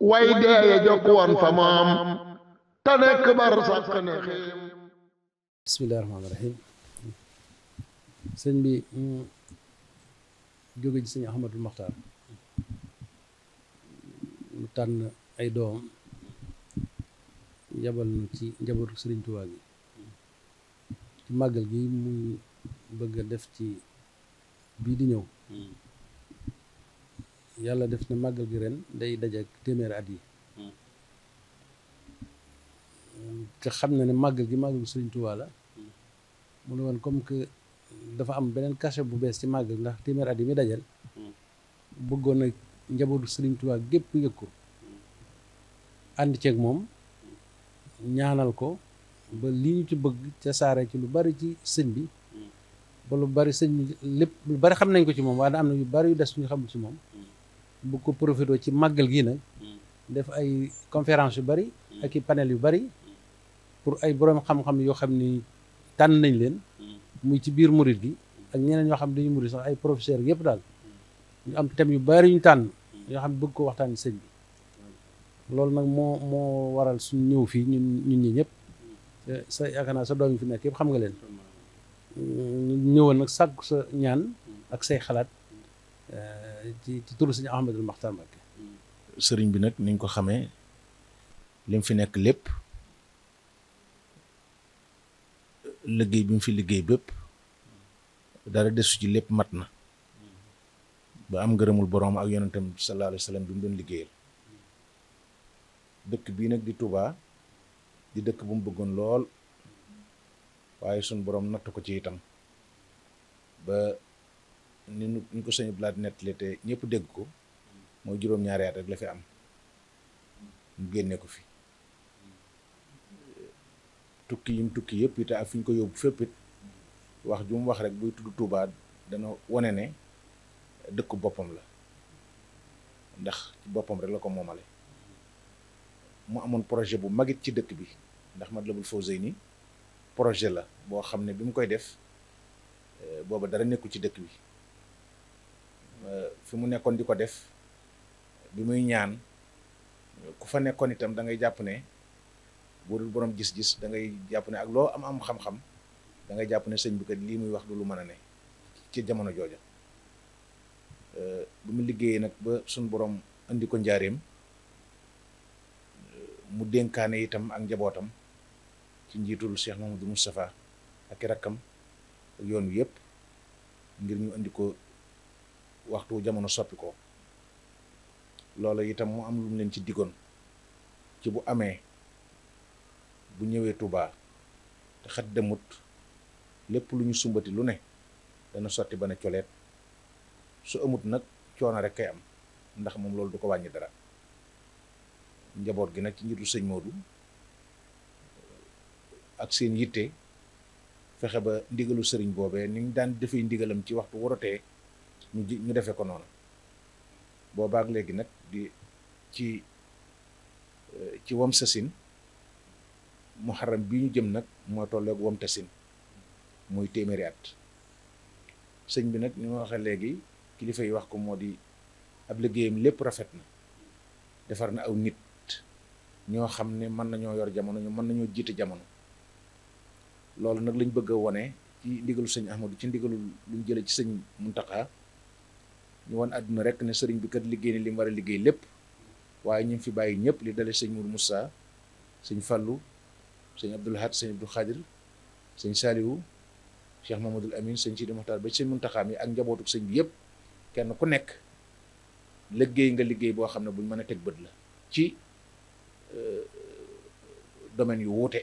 way deeye jokk woon fa moom te nekk bar ne xiim bismillahi rahmaani rahim sëñ bi jóge ci sëñ Ahmadul Maxtaar mu tànn ay doom yabal nu ci njabootu sëriñ Tuubaa gi ci màggal gi muy bëgg a def ci bii di ñëw yàlla def na màggal gi ren day dajeek téeméeri at yi hmm. te xam na ne màggal gi màggal gi Sëriñ Tuubaa la hmm. mu ne woon comme que dafa am beneen cachet bu bees ci màggal ndax téeméeri at yi muy dajal hmm. bëggoon na njabootu Sëriñ Tuubaa gépp yëg ko ànd ceeg moom ñaanal ko ba li ñu ci bëgg ca saare ci lu bari ci sëñ bi ba lu bari sëñ bi lépp lu bari xam nañ ko ci moom waaye am yu bari yu des ñu xamul ci moom beaucoup profité ci magal gi nak hmm. def ay conférence yu bari hmm. ak i panel yu bari hmm. pour ay borom xam-xam yo xamni ni nañ len muy ci bir murit gi ak ñeneen ñoo xam dañu murit sax ay professeur yépp dal ñu am thème yu bari ñu tan yo xam bëgg ko waxtaan señ bi lool nak mo mo waral suñu ñew fi ñun ñun ñi ñëpp sa yakana sa doom fi nek yépp xam nga ñu ñëwoon nak sàkku sa ñaan ak say xalaat eh, ci ci turu sëriñ bi nag niñ ko xamee lim fi nekk lépp liggéey bi mu fi liggéey bépp dara desu ci lépp mat na ba am ngërëmul boroom ak yonentam sallallahu alayhi wa sallam bi mu doon liggéeyal dëkk bii nag di Touba di dëkk bu mu bëggoon lool waaye suñ boroom natt ko ci itam ba ni nu ñu ko sëñ blaat nettali te ñëpp dégg ko moo juróom-ñaari rek la fi am mu génne ko fi tukki yim tukki yëpp it ak fi ñu ko yóbbu fépp it wax ju wax rek buy tudd Touba dana wane ne dëkku boppam la ndax boppam rek la ko moomale mu amoon projet bu magit ci dëkk bi ndax Matlabul Fawzayni projet la boo xam ne bi mu koy def eh, booba dara nekku ci dëkk bi Eh, fi mu nekkon di def bi muy ñaan ku fa nekkon itam da ngay japp ne boo borom gis-gis da ngay japp ne ak lo am am xam-xam da ngay japp ne señ bi kat li muy wax du lu mëna ne ci jamono jooja eh, bu mu liggéeyee nak ba sun borom andi ko njaareem eh, mu denkané itam ak njabotam ci njitul Cheikh Mamadou mustapha ak rakam ak yoon ngir ñu andi ko waxtu jamono soppi ko loolu itam mu am lu mu leen ci diggoon ci bu amee bu ñëwee tubaa te xat demut lépp lu ñu sumbati lu ne dana sotti ba ne coleet su amut nag coono rek kay am ndax moom loolu du ko wàññi dara njaboot gi nag ci njiitu sëñ Modou ak seen yitte fexe ba ndigalu sëriñ boobee ni ñu daan defee ndigalam ci waxtu worotee ñu ñu konon, ko noonu boobaak légui nak di ci eh, ci wam sasin muharram bi ñu jëm mo tollé ak wam tasin muy téméré at sëñ bi nak ñu waxé légui kilifa yi wax ko modi di ab liggéeyam lépp rafet na defar na aw nit ñoo xam ne mën nañoo yor jamono ñu mën nañoo jiite jamono loolu nag lañ bëgg a wone ci ndigalu sëñ ahmadou ci ndigalu luñ jële ci sëñ ñu won aduna rek ne sëriñ bi kat liggéey ni lim wara liggéey sing waye ñu fi bayyi ñepp li dalé sëñ Mour Moussa sëñ Fallou Abdoul Abdoul Khadir Cheikh Mamadou Amin sing Sidi Mokhtar ba ci Muntaxa mi ak njabootu sëñ bi yépp kenn ku nekk liggéey nga liggéey bo xamne ne buñ tek a teg la ci euh, domaine yu wuté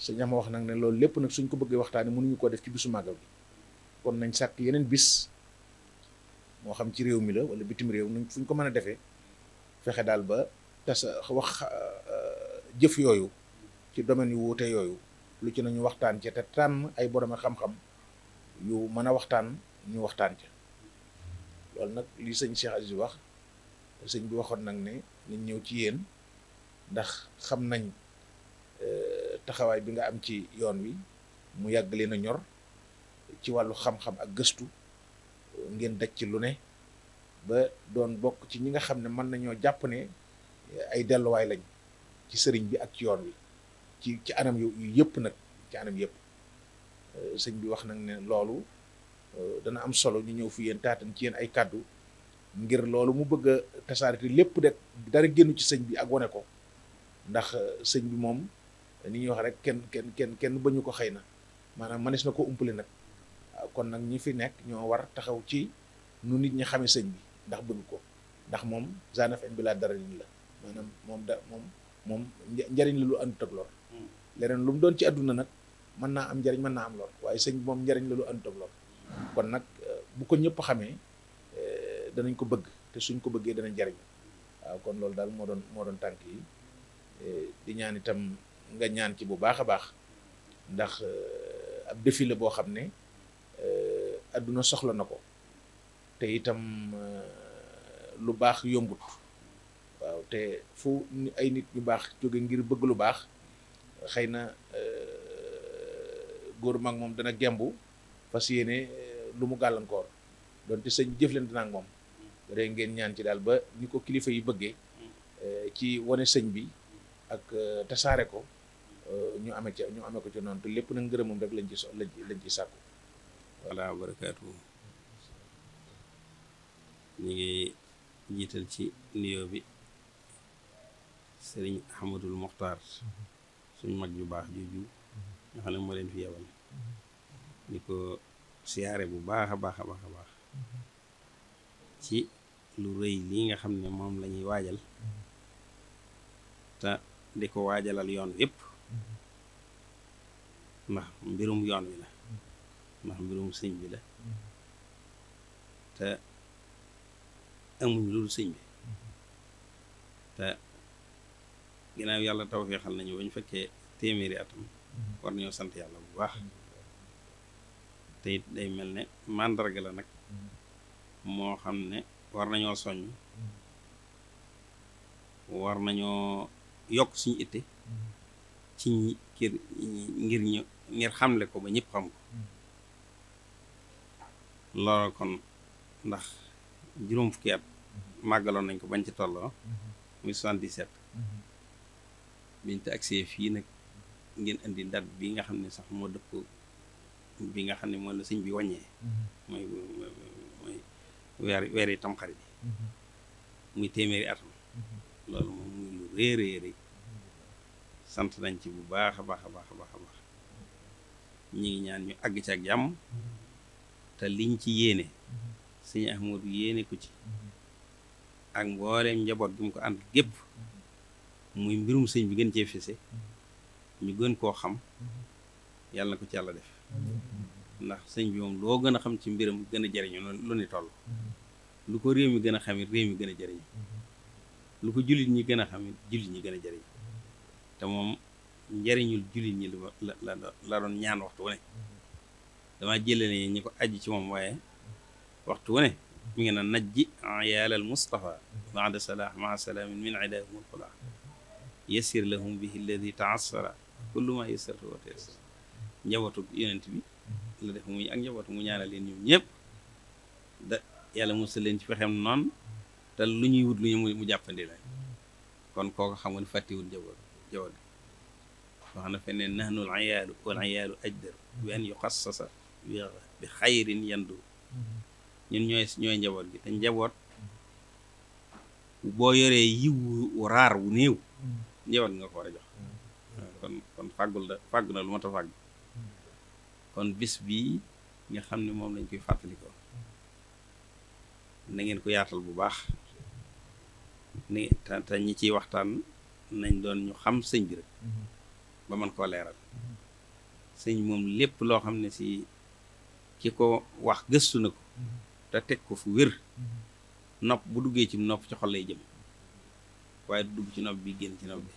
sëñ am wax nak ne loolu lepp nak suñ ko bëggee waxtaanee mënuñu ko def ci bisu magal kon nañ sak yenen bis moo xam ci réew mi la wala bitim réew nu fu ko mën a defee fexe daal ba tas euh, wax euh, jëf yooyu ci domaine yu wuute yooyu lu nañu waxtaan ca te tànn ay borom xam-xam yu mën a waxtaan ñu waxtaan ca loolu nag li sëñ Cheikh Aziz wax sëñ bi waxoon nag ne nañ ñëw ci yéen ndax xam nañ euh, taxawaay bi nga am ci yoon wi mu yàgg leen a ñor ci wàllu xam-xam ak gëstu ngeen daj ci lu ne ba doon bokk ci ñi nga xam ne mën nañoo jàpp ne ay delluwaay lañ ci sëriñ bi ak ci yoon wi ci ci anam yu yëpp nag ci anam yëpp euh, sëñ bi wax nag ne loolu euh, dana am solo ñu ñëw fi yéen taatan ci yéen ay kàddu ngir loolu mu bëgg a tasaare lépp de dara génnu ci sëñ bi ak wane ko ndax euh, sëñ bi moom ni ñuy wax rek kenn kenn kenn kenn bañu ko xëy na maanaam mënees na ko umpale nag. kon nag ñi fi nekk ñoo war taxaw ci nu nit ñi xame sëñ bi ndax bëgg ko ndax moom zanafn bi dara daralin la maanaam moom da moom moom njariñ la lu àndut ak lor hmm. lu mu doon ci àdduna nag mën naa am njariñ mën naa am waaye sëñ bi moom njariñ la lu kon nag eh, bu ko ñëpp xamee eh, danañ ko bëgg te suñ ko bëggee dana njariñ waaw kon loolu daal moo doon moo doon tànk yi eh, di ñaan itam nga ñaan ci bu baax a baax ndax ab défi boo xam ne àdduna soxla na ko te itam euh, lu baax yombut waaw te fu ay nit ñu baax jóge ngir bëgg lu baax xëy na euh, góor mag moom dana gembu fas yéene euh, lu mu gàllankoor donte sëñ jëflante na ak moom rek ngeen ñaan ci daal ba ñu ko kilifa yi bëggee ci wane sëñ bi ak tasaare ko ñu amee ca ñu amee ko ci noonu te lépp nag ngërëmam rek lañ ci so lañ ci sàkku wala barakaatu ñu ngi jiital ci nuyoo bi sëriñ Ahmadul Moxtaar suñ mag ju baax juju nga xam ne moo leen fi yebal di ko siyaare bu baax a baax a baax a baax ci lu rëy lii nga xam ne moom lañuy waajal te di ko waajalal yoon yépp ndax mbirum yoon wi la moo xam mbirum sëñ bi la mm-hmm. te amuñu loolu sëñ bi mm-hmm. te ginnaaw yàlla tawfeexal nañu ba ñu fekkee téeméeri atam mm-hmm. war nañoo sant yàlla bu baax te it day mel ne màndarga la nag moo xam ne war nañoo soññ war nañoo yokk suñu itte ci ñi ngir ñu ngir xamle ko ba ñëpp xam ko loola kon ndax juróom fukki at màggaloon nañ ko bañ ca tolloo muy 77 biñ te agsee fii nag ngeen indi dat bi nga xam ne sax moo dëpp bi nga xam ne mooy la sëñ bi wàññee mooy weer yi tamxarit bi muy téeméeri atam loolu moom muy lu réeréeri sant nañ ci bu baax a baax a baax a baax a baax ñi ngi ñaan ñu àgg ci ak jàmm te liñ ci yéene sëñ Ahmadu yéene ko ci ak mbooleem njaboot gi mu ko ànd gépp muy mbirum sëñ bi gën cee fese ñu gën koo xam yàlla na ko ci yàlla def ndax sëñ bi moom loo gën a xam ci mbiram gën a jariñu lu ni toll lu ko réew mi gën a xamit réew mi gën a jariñu lu ko jullit ñi gën a xamit jullit ñi gën a jariñu te moom njariñul jullit ñi la la la doon ñaan waxtu wu ne damaa jëlale ñi ko aji ci moom waaye waxtu wu ne mi ngi naan najji ayaalal Mustafa baada salah maa salaamin min idaahum alxula yasir lahum bihi alladi bi la def muy ak njabootu mu ñaanal leen ñoom ñëpp leen ci fexem noonu te lu ñuy wut lu ñu mu jàppandi la kon kooku xam nga ne fàttewul njaboot njaboot wax na feneen nahnu ayaalu wal ayaalu ajdaru bi an bi xayrin yandu mm-hmm. ñun ñooy ñooy njaboot bi te njaboot mm-hmm. boo yoree yiw wu raar wu néew mm-hmm. njaboot nga ko war a ah, kon fàggul da fàgg na lu ma ta fàgg kon bis bi nga xam ne moom lañ koy fàttalikoo na ngeen ko yaatal bu baax ni te ñi ciy waxtaan nañ doon ñu xam sëñ bi rek ba mën koo leeral sëñ moom lépp loo xam ne si ki ko wax gëstu na ko mhm. te teg ko fu wér mhm. nopp bu duggee ci nopp ci xol lay jëm waaye dugg ci nopp bi génn ci nopp bi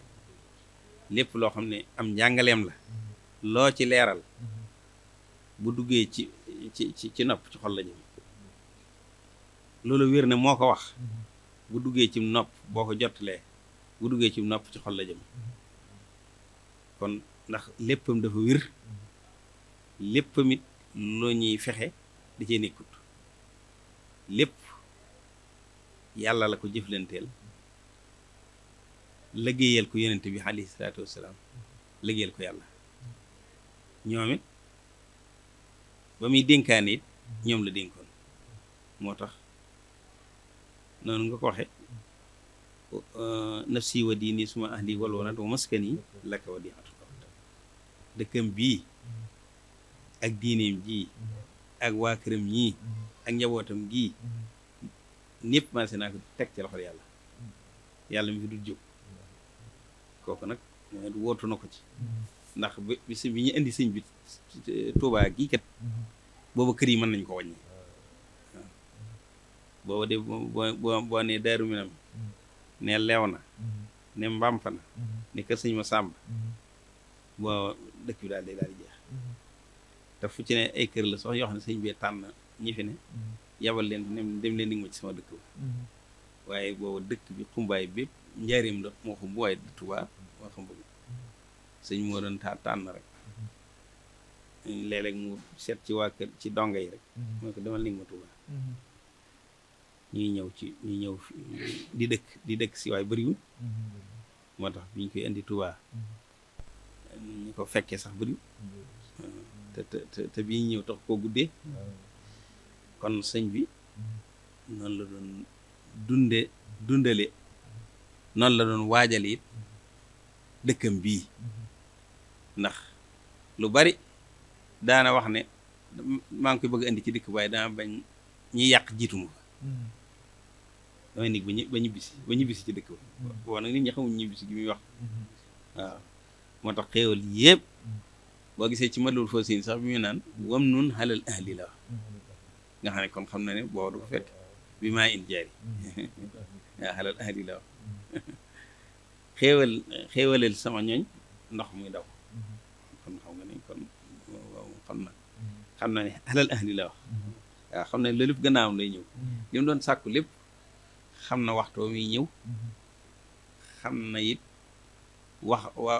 lépp loo xam ne am njàngaleem la mhm. loo ci leeral bu duggee ci ci ci nopp ci xol la jëm loolu wér na moo ko wax bu duggee ci nopp boo ko jottalee bu duggee ci nopp ci xol la jëm kon ndax léppam dafa wér léppam loo ñuy fexe da cee nekkut lépp yàlla la ko jëflanteel liggéeyal ko yonent bi alayhi salaatu wassalaam liggéeyal ko yàlla ñoom ba muy dénkaan it ñoom la dénkoon moo tax noonu nga ko waxe nafsi wa diini suma ahli wal walad wa maskani laka wadi'atu dëkkam bii ak diineem jii ak waa këram ñii ak njabootam gii ñëpp maase naa ko teg ci loxo yàlla yàlla mi fi du jóg kooku nag mooy wootu na ko ci ndax bi si bi ñu indi sëñ bi Tuubaa gii kat booba kër yi mën nañ ko wàññi booba de boo boo nee Daaru Minam ne leew na ne Mbàmpa na ne kër sëñ ma sàmb boo dëkk bi daal day daal jeex daf fu ci ne ay kër la sax yoo xam ne sañ bi tànn ñi fi ne mm-hmm. yabal leen ne dem leen di ma ci sama dëkk mm-hmm. waaye boobu dëkk bi xumbaay bépp njaareem la moo xam bu waaye Tuubaa moo xam mm-hmm. bëgg sëñ moo doon taa tànn rek léeg-léeg mu seet ci waa kër ci donga yi rek moo ko ñëw ci ñuy ñëw dëkk di dëkk si waaye bëriwul tax bi ñu koy indi Tuubaa ñu ko fekkee sax bëriwul euh, te te te bii ñëw tax koo guddee kon sëñ bi noon la doon dunde dundale noonu la doon waajale it dëkkam bii ndax lu bari daana wax ne maa ngi koy bëgg indi ci dëkk waaye daana bañ ñi yàq jiituma fa damay nekk ba ñu ba ñibbisi ci dëkk ba boo nag nit ñi xamuñ gi muy wax waaw moo tax xéewal yépp boo gisee ci matlul fausin sax bi ñu naan wam nun xalal ahli la wax nga xam ne kon xam na ne boo du ko fekk bi maa in jaari waaw xalal ahli la wax ndox muy daw xam nga ne xam na xam na ne xalal ahli la loolu lépp gannaawam lay ñëw li mu doon sàkku lépp xam na waxtoo muy ñëw xam na it wax waa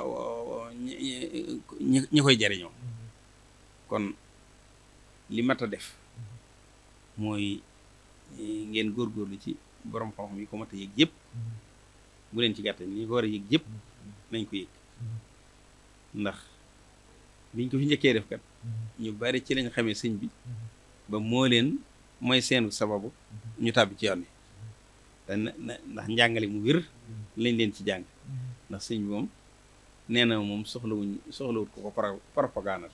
ñi koy jariñoo kon li mat a def mooy eh, ngeen góorgóorlu ci borom xam-xam yi ko mat a yëg yëpp bu leen ci gàttal ñi ko war a yëg yëpp nañ ko yëg ndax biñ ko fi njëkkee def kat ñu bari ci lañ xamee sëñ bi ba moo leen mooy seenu sababu ñu tàbbi ci yoon wi te na ndax njàngale mu wér lañ leen ci jàng ndax sëñ bi moom nee na moom soxlawuñ soxlawut ko ko propagande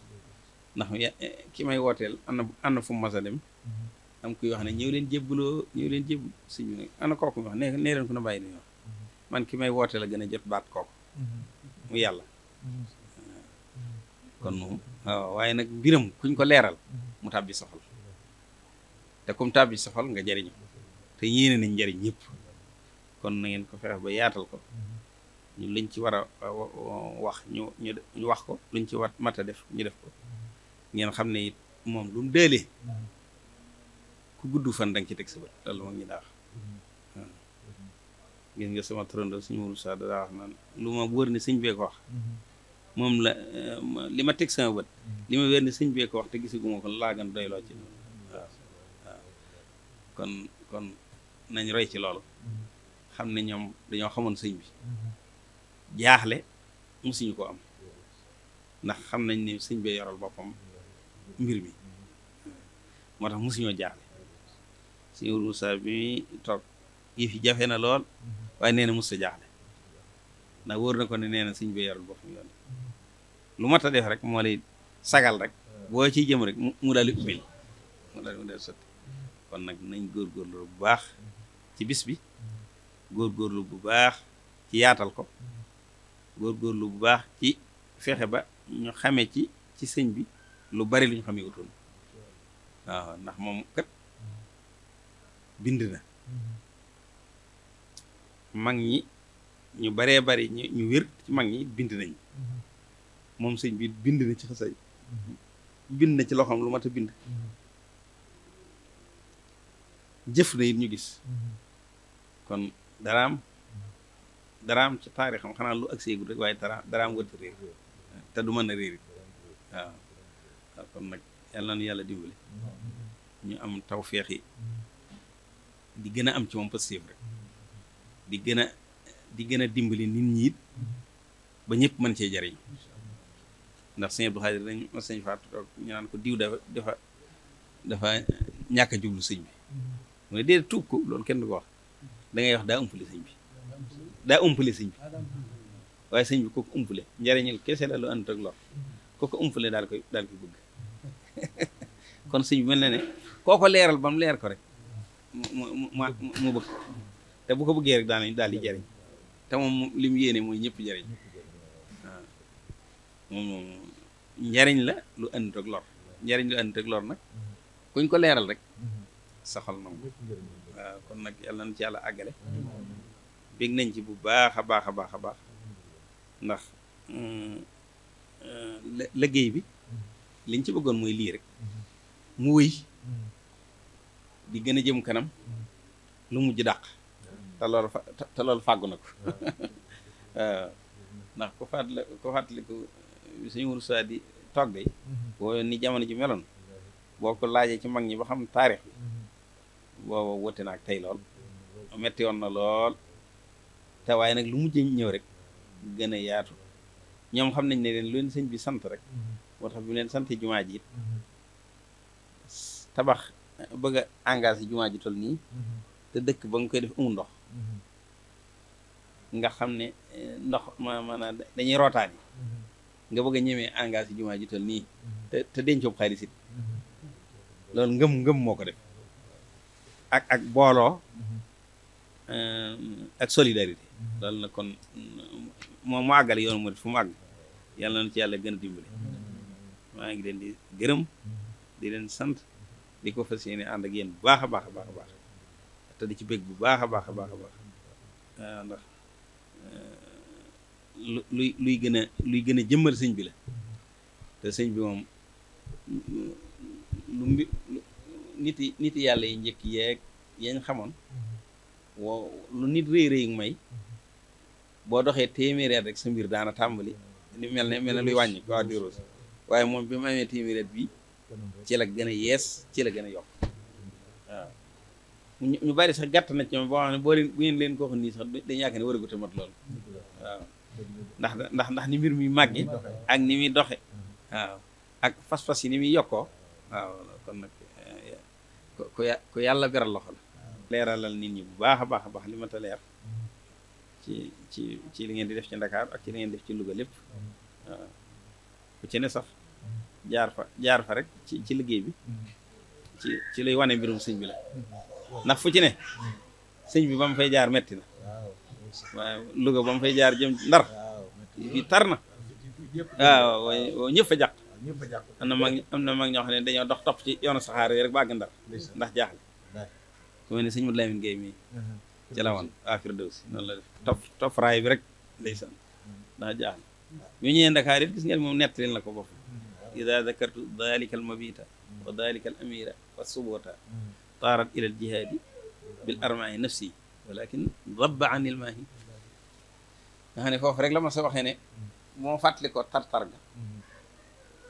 ndax eh, ki may wooteel ana ana fu mu mas a dem mm-hmm. am kuy wax ne ñëw leen jébbaloo ñëw leen jébb sëñ bi nag ana kooku mi wax na bàyyi nañu wax mm-hmm. man ki may wooteel a gën a jot baat kooku mm-hmm. mu yàlla kon moom waaw waaye nag mbiram kuñ ko leeral mu tàbbi soxal te comme tàbbi soxal nga jariñu te yéene nañ njariñ ñépp kon na ngeen ko fexe ba yaatal ko ñu liñ ci war a euh, wax ñu wax ko luñ ci war mat def ñu def ko ngeen xam ne moom lu mu ku gudd fan da ci teg sa bët loolu moom mm-hmm. sama turandoo suñu wul sa daa lu ma wër ne sëñ bee wax mm-hmm. moom la euh, li ma teg sama bët mm-hmm. li ma wér ne sëñ bee wax te gisaguma ko laa gën doyloo ci waaw kon kon nañ roy ci loolu xam ne ñoom dañoo xamoon sëñ bi jaaxle musuñu ko am ndax xam nañ ne sëñ bee yoral boppam mbir mi moo tax musuñoo jaaxle sëñ Moussa bi toog yëf yi jafe na lool waaye nee na mos a jaaxle wóor na ko ne nee na sëñ bee yoral boppam yoon lu mat a def rek moo lay sagal rek boo ci jëm rek mu daal di ubbil mu daal di sotti kon nag nañ góor góorgóorlu bu baax ci bis bi góorgóorlu bu baax ci yaatal ko góor góorgóorlu bu baax ci fexe ba ñu xamee ci ci sëñ bi lu bari luñ ñu xamee utoon waaw ndax moom kat bind na mag ñi ñu baree bari ñu wér ci mag ñi bind nañ moom sëñ bi bind na ci xasay bind na ci loxoom lu mat a bind jëf na it ñu gis kon daraam daraam ci taarixam xanaa lu ak seegul rek waaye dara daraam wërta réer te du mën a réer waaw waaw kon nag yàlla na nu dimbali ñu am tawféex yi di gën a am ci moom di gën a di gën a dimbali nit ñi ba ñépp mën cee jariñ ndax sëñ Abdou Xaadir dañ ma sëñ Faatu toog ñu naan ko diw dafa dafa ñàkk jublu sëñ bi mu ne dee tuub ko loolu kenn du ko wax da ngay wax daa ëmpali sëñ bi daa umpale sëñ bi waaye sëñ bi kooku umpale njariñal kese la lu ànd ak lor umpale daal koy daal koy bëgg kon sëñ bi mel na ne koo ko leeral ba leer ko rek mu mu mu bëgg te bu ko bëggee rek daanañ daal di jariñ te moom li mu yéene mooy ñëpp jariñ njariñ la lu ànd ak lor njariñ lu ànd ak lor nag kuñ ko leeral rek saxal na waaw kon nag yàlla na ci yàlla àggale bég nañ ci bu baax a baax a baax a baax ndax euh, euh, liggéey bi liñ ci bëggoon mooy lii rek mu wéy di gën a jëm kanam lu mujj dàq te loolu te loolu fàggu na ko ndax ku fàttali ku suñu wur saa di togge boo ni jamono ji meloon boo ko laajee ci mag ñi ba xam taarix bi booba wute naag tey lool metti woon na lool te waaye nag lu mujjee ñëw rek gën a yaatu ñoom xam nañ ne leen lu leen sëñ bi sant rek mm-hmm. moo tax bi leen sant jumaa ji mm-hmm. tabax bëgg a jumaa ji nii mm-hmm. dëkk ba nga koy def amul ndox nga xam ne eh, ndox ma maanaam nga bëgg a ñemee engagé jumaa nii te te dencoob xaalis loolu ngëm ngëm moo ko def ak ak booloo ehm, ak solidarité loolu na kon mm, moom mu àggale yoonu murit fu mu àgg yàlla na ci yàlla gën a dimbali maa ngi leen di gërëm di leen sant di ko fas yéene ànd ak yéen bu baax a baax a baax a baax te di ci bëgg bu baax a baax a baax a ndax eh, lu luy luy gën a luy gën a jëmmal sëñ bi la te sëñ bi moom lu mbi nit nit yàlla yi njëkk yeeg yañ xamoon woo lu nit rëy rëy may boo doxee téeméeri at rek sa mbir daana tàmbali li mel na mel ne luy wàññi waaw waaye moom bi mu amee téeméeri at bi ci la gën a yees ci la gën a yokk waaw ñu bari sax gàtt na ci moom boo xam leen bu ngeen leen war a mat loolu ndax ndax ndax ni mbir mi màgge ak ni muy doxe waaw ak fas-fas yi ni muy yokkoo waaw kon nag eh, ku ku yàlla beral loxo la leeralal nit ñi bu baax a baax a baax li ma ta leer ci ci li ngeen di def ci Ndakaar ak ci li ngeen def ci Louga lépp waaw mm-hmm. ne sax mm-hmm. jaar fa jaar fa rek ci ci liggéey bi mm-hmm. ci ci lay wane mbirum sëñ bi la ndax fu ci ne sëñ bi ba mu fay jaar metti na waaw Louga ba mu fay jaar jëm ndar bi tar na waaw waaw ñëpp fa jàq am na mag am na mag ñoo xam ne dañoo dox topp ci yoonu saxaar yi rek ba àgg ndar ndax jaaxle ku mel ne sëñ Mouhamadou Lamine Gueye mii jalawan aaxir dëw si noonu la rek ndeysaan daa jaaxal ñu ñëwee Ndakaar it gis ngeen moom nett leen la ko bopp ida dakartu dalika al mabita wa dalika al amira wa subota taarat ila al jihaadi bil nafsi walakin rek la ma sa waxee ne moo ga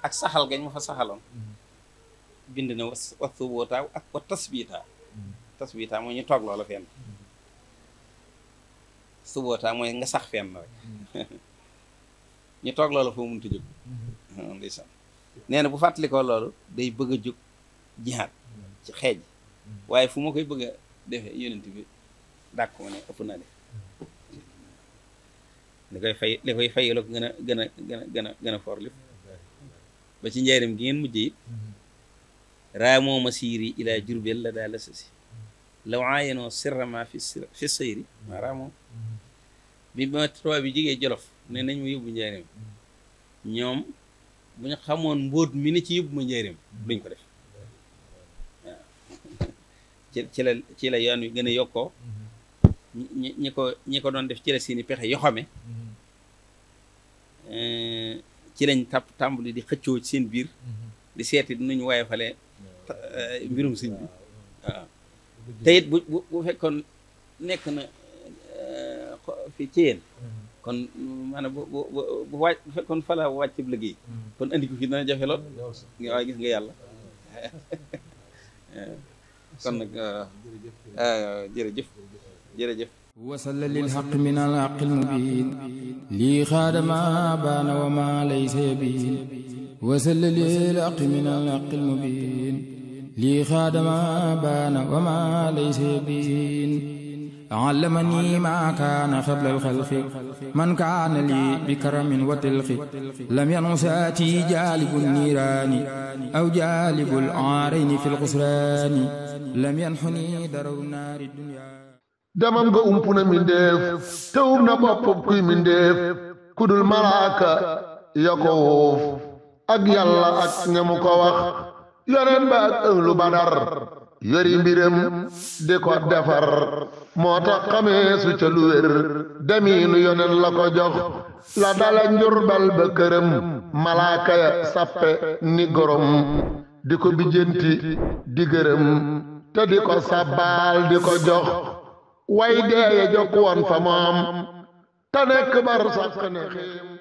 ak saxal gañ ma fa saxaloon bind na wa subota wa tasbita tasbita moo ñu toog loola fenn subootaa mooy nga sax fenn rek mm-hmm. ñu toog loolu foo mënut a jóg ndeysaan na bu fàttalikoo loolu day bëgg a jóg jihaat mm-hmm. ci xeej mm-hmm. waaye fu ma koy bëgg a defee yonent bi ne ëpp naa def li koy gën a gën a gën a gën a gën a for lépp ba ci njaarim gi ngeen mujj it raamoo masiiri ilaa jurbel la daal la sasi law aayanoo sirra ma fi sirri fi raamoo bi ma tubaab bi jigee jolof ne nañ ma yóbbu njaareem ñoom bu ñu xamoon mbóot mi ni ci yóbbu ma njaareem duñ ko def ci la ci la yoon wi gën a yokkoo ñi ko ñi ko doon def ci la seeni pexe yoxame eh, ci lañ tàpp tàmbali di xëccoo ci seen biir di seeti dinañu waaye fale eh, mbirum sëñ bi waaw te bu bu fekkoon nekk na في تين كن أنا ب ب ب ب ب كن فلا واجب لقي كن عندي كفيدنا جهلون يا عايز نجي الله كن آه، جرجف جرجف وصل للحق من الحق المبين لي خادم بان وما ليس يبين وصل للحق من الحق المبين لي خادم بان وما ليس يبين لي علمني ما كان قبل الخلق من كان لي بكرم وتلخ لم ينصاتي جالب النيران أو جالب العارين في القسران لم ينحني درو نار الدنيا دمم قوم بنا من ديف تور نبا بقي من ديف كد الملاك يقوف أجي الله أتني مكواخ يرن بعد أهل بدر يرين بيرم ديكو دفر moo tax xamee su ca demiinu yonen la ko jox la dala njurbal ba këram malaaka sappe ni gorom di ko bijjanti di gërëm te di ko sabbaal di ko jox way deeye jokk woon fa moom te nekk bar sàq